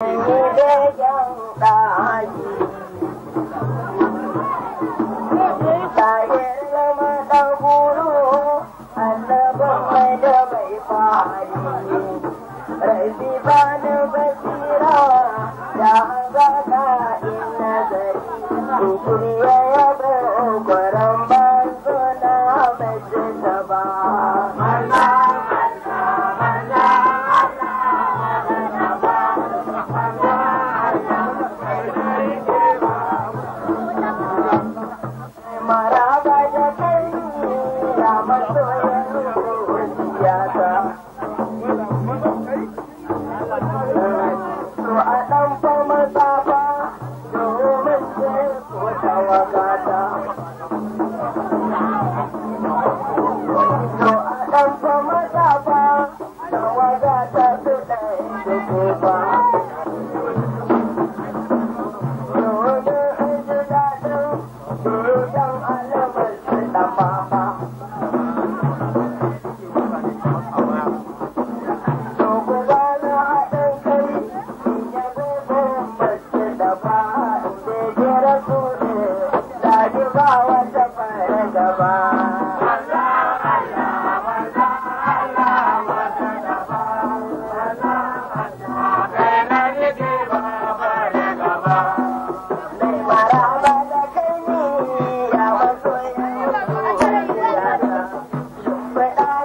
न बजब पे री बनीरा सुठी अर बज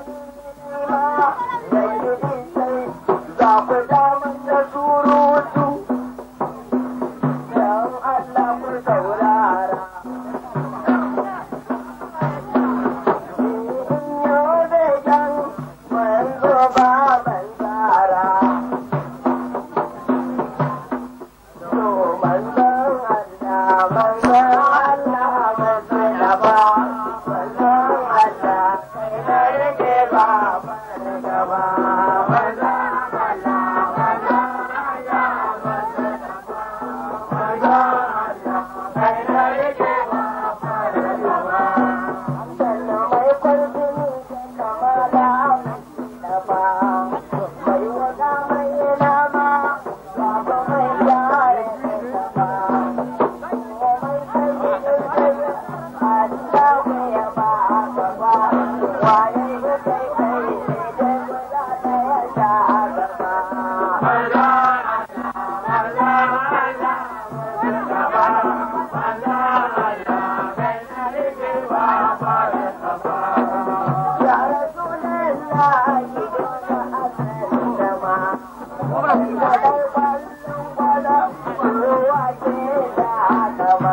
Thank you. 快乐 Come on.